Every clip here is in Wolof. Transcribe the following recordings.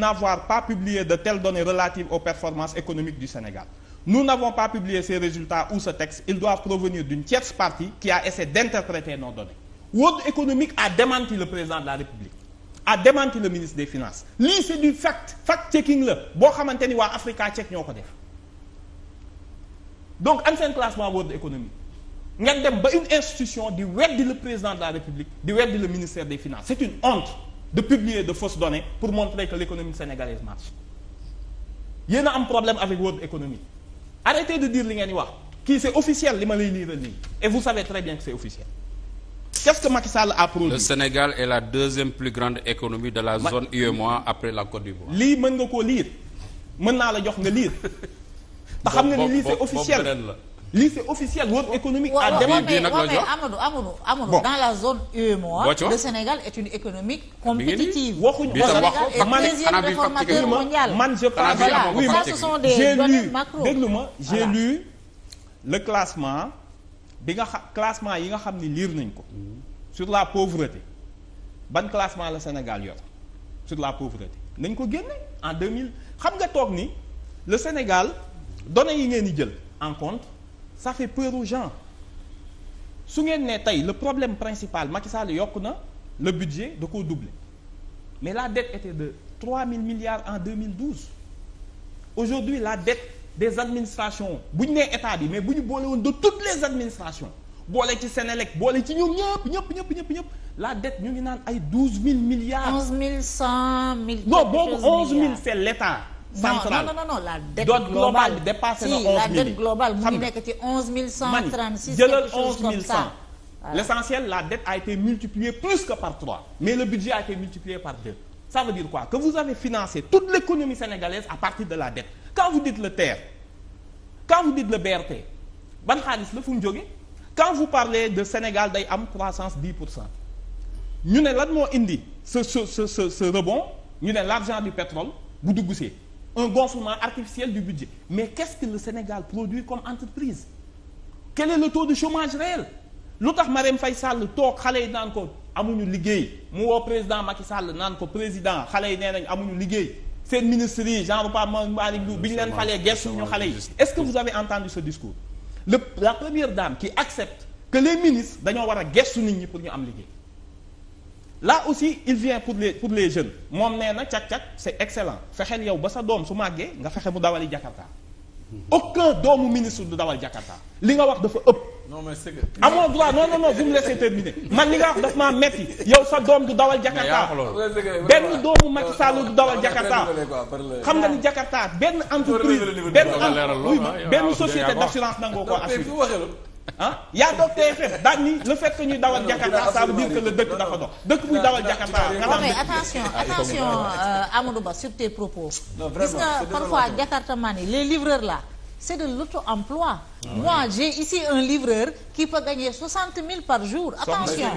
n'avoir pas publié de telles données relatives aux performances économiques du Sénégal. Nous n'avons pas publié ces résultats ou ce texte. Ils doivent provenir d'une tierce partie qui a essayé d'interpréter nos données. World Economic a démenti le président de la République, a démenti le ministre des Finances. lii c'est du fact fact-checking la boo xamante ni waa Africa Check ñoo ko def donc am seen classement World Economic ngeen dem ba une institution di weddi le président de di weddi ministère des Finances c'est une de publier de fausses données pour montrer que l'économie sénégalaise marche yéen a am problème avec World Economy arrêtez de dire li ngeen di wax kii c'est officiel li ma lay liiral nii et vous savez très bien que c'est officiel qu'est-ce que Macky Sall a produit. le Sénégal est la deuxième plus grande économie de la Ma... zone UEMOA après la Côte d'Ivoire. lii mën nga koo liir mën naa la jox nga liir. te xam na ni lii c'est officiel lii c'est officiel World Economic à demain bi économique ah, la jox la e Sénégal est une économie compétitive waxuñu ko man déglu ma j'ai lu le classement bi nga xam classement yi nga xam ni liir nañ ko sur la pauvreté ban classement la Sénégal yor sur la pauvreté nañ ko génne en mille xam nga toog ni le Sénégal données yi ngeen di jël en compte ça fait peur aux su ngeen nee tey le problème principal Macky Sall yokk na le budget de koo doubler mais la dette était de 3000 milliards en 2012 aujourd'hui la dette des administrations bu ñu nee état bi mais bu ñu boole de toutes les administrations boole ci Sénélec boole ci ñoom ñëpp ñëpp ñëpp ñëpp ñëpp la dette ñu ngi naan ay mil milliards. 11100 mille. non boobu 11000 c'est l'État. centrale non non non la dette globale bi dépassé na 11000 la dette globale mu ngi nekk ci 11136 quelque la dette a été multipliée plus que par 3 mais le budget a été multiplié par 2 ça quoi que vous avez financé toute l'économie sénégalaise à partir de la dette quand vous dites le TER quand vous dites le BRT ban xaalis la fu mu jóge quand vous parlez de Sénégal day am croissance 10 pour cent ñu ne lan moo indi ce ce ce ce rebond ñu ne l'argent du pétrole bu dugg see un gonflement artificiel du budget mais qu'est-ce que le Sénégal produit comme entreprise quel est le taux de chômage réel lu tax ma Marème fay sàll toog xale yi naan ko amuñu liggéey mu woo président Macky Sall naan ko président xale yi nee nañ amuñu liggéey seen ministre yi genre Pape Malick Ndour bi ñu leen falee gersuñu xale yi est-ce que vous avez entendu ce discours le la première dame qui accepte que les ministres dañoo war a gersu nit ñi pour ñu am liggéey là aussi il vient pour les pour les jeunes moom nee na càq-càq c'est excellent fexeel yow ba sa doom su màggee nga fexe mu dawali Jakarta aucun doomu ministre du dawal Jakarta li nga wax dafa ëpp. non mais c'est que. amoo droit non non non vous me laissez terminer man li nga wax daf maa metti yow sa doom du dawal Jakarta benn doomu Macky Sall du dawal Jakarta xam nga ni Jakarta benn entreprise benn benn société d'assurance nangoo ko assuré. ah yaa doog TFM daan ni le fait que ñuy dawal Jakarta ça veut dire que le dëkk dafa dox dëkk buy dawal Jakarta attention ah, attention euh, Ba sur tes propos gis nga parfois Jakarta man yi les livreurs la c'est de l'auto-emploi ah moi j'ai ici un livreur qui peut gagner soixante mille par jour attention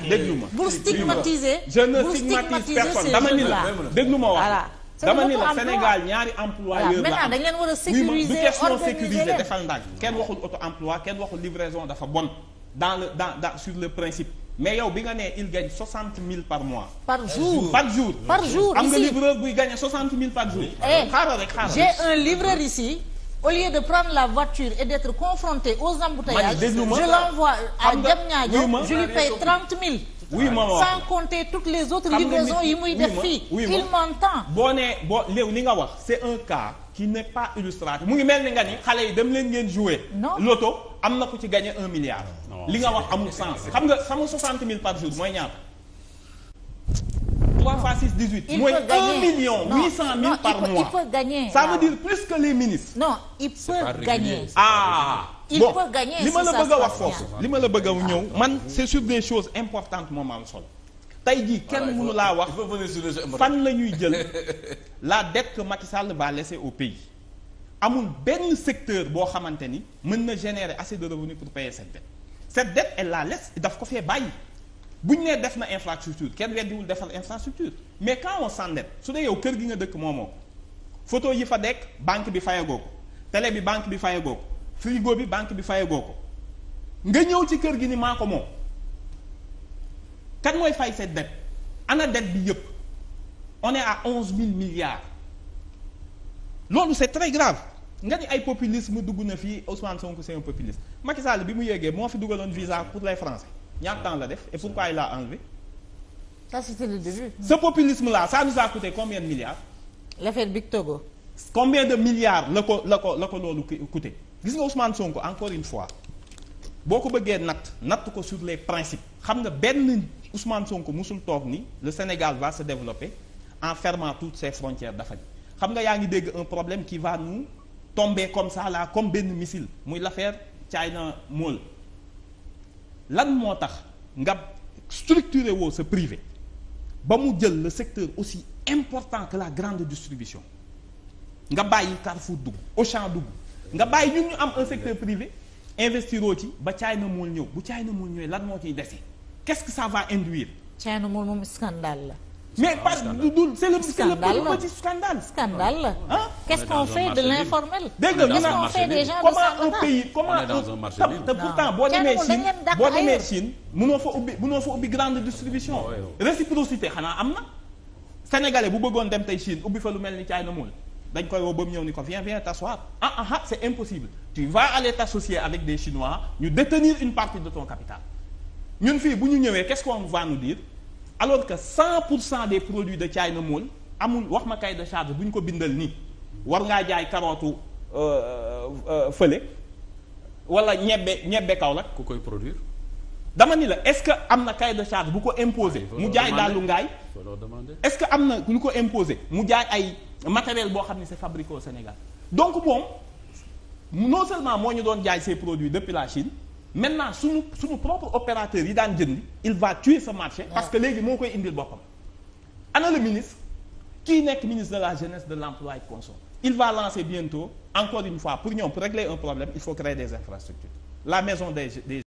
bul stigmatiser je ne stigmatise personne dama ni la déglu ma wax dama ni la Sénégal ñaari employeur la am dañ leen war a defal ndànk kenn waxul auto emploi kenn waxul livraison dafa bon dans le dans sur le principe mais yow bi nga nee il gagne soixante mille par mois. par jour par jour. par jour am nga livreur buy gagné soixante mille par jour. Eh, xaaral rek xaaral j'ai un livreur ici. au lieu de prendre la voiture et d'être confronté aux embouteillages. je l'envoie à Diamniadio je lui paye trente mille. oui ma wax sans compter toutes les autres livraisons yi muy def fii il m'entend boo nee boo léew li nga wax c'est un cas qui n'est pas illustratif mu ngi mel ni nga ni xale yi dem leen ngeen jouer loto am na ku ci gagné un milliard li nga wax amul sens xam nga sama soixante mille par jour mooy ñaata trois fois six dix-huit mooy un million huit cent par mois ça veut dire plus que les ministres non il peut gagner ah il bon, peut gagner li ma la bëgg a wax foofu li ma la bëgg a ñëw man c'est sur des choses importantes moom am solo tey jii kenn mënu laa wax fan la ñuy jël la dette que Macky Sall va laisser au pays amul benn secteur boo xamante ni mën na générer assez de revenus pour payer cette dette cette dette elle la laisse daf ko fee bàyyi bu ñu nee def na infrastructure kenn weddiwul defal infrastructure mais quand on s'endette su dee yow kër gi nga dëkk moomoo ko photo yi fa dekk banque bi fayagoo ko télé bi banque bi fayagoo ko frigo bi banque bi fayagoo ko nga ñëw ci kër gi ni maa ko moom kan mooy fay sa dette ana dette bi yëpp on est à onze mille milliards loolu c'est très grave nga ni ay populisme dugg na fii Ousmane Sonko c'est un populiste Macky Sall bi mu yéegee moo fi dugaloon visa pour les Français ñaata temps la def et pourquoi il l'a enlevé ça c'était le début ce populisme là ça nous combien de milliards l'affaire Big Togo combien de milliards la ko la ko la ko loolu coûté gis nga Ousmane Sonko encore une fois boo ko bëggee natt natt ko sur les principes xam nga benn Ousmane Sonko musul toog nii le Sénégal va se développer en fermant toutes ses frontières dafa xam nga yaa ngi dégg un problème ki va nous tomber comme ça là comme benn missile muy l'affaire China Mall lan moo tax nga structuré woo sa privé ba mu jël le secteur aussi important que la grande distribution nga bàyyi Carrefour dugg Auchan dugg nga bàyyi ñu ñu am un secteur privé investiroo ci ba China mool ñëw bu China mool ñëwee lan moo ciy dese qu'est-ce que ça va induire. China mool moom scandale la. mais parce que du du c'est le c'est le petit scandale. scandale la ah. qu'est-ce qu'on fait de l'informel. dégg nga ñu naan comment un pays comment un te pourtant boo demee Chine boo demee Chine mënoo fa ubbi mënoo fa ubbi grande distribution. Ah réciprocité xanaa am na. sénégalais bu bëggoon dem tey Chine ubbi fa lu mel ni China mool. dañ koy woo ba mu ñëw ni ko viens viens t'asseoir ah, ah ah c'est impossible tu vas aller t'associer avec des chinois ñu détenir une partie de ton capital ñun fii bu ñu ñëwee qu'est-ce qu'on va nous dire alors que 100 pour cent des produits de China Mall amul wax ma cahier de charge bu ñu ko bindal nii war ngaa jaay karootu euh, euh, euh, fële wala ñebbe ñebbe kaw la ku koy produire. dama ni la est-ce que am na cahier de charge bu ko imposer ah, mu jaay daalu ngaay est-ce que am na lu ko imposer mu jaay ay matériel boo xam ne se fabriqué au Sénégal donc moom non seulement moo ñu doon jaay se produit depuis la Chine maintenant suñu suñu propre opérateur yi daan jënd il va tuer ce marché parce que léegi moo koy indil boppam ana le ministre kii nekk ministre de la jeunesse de l'emploi et consommation il va lancer bientôt encore une fois pour ñoom pour régler un problème il faut créer des infrastructures la maison des des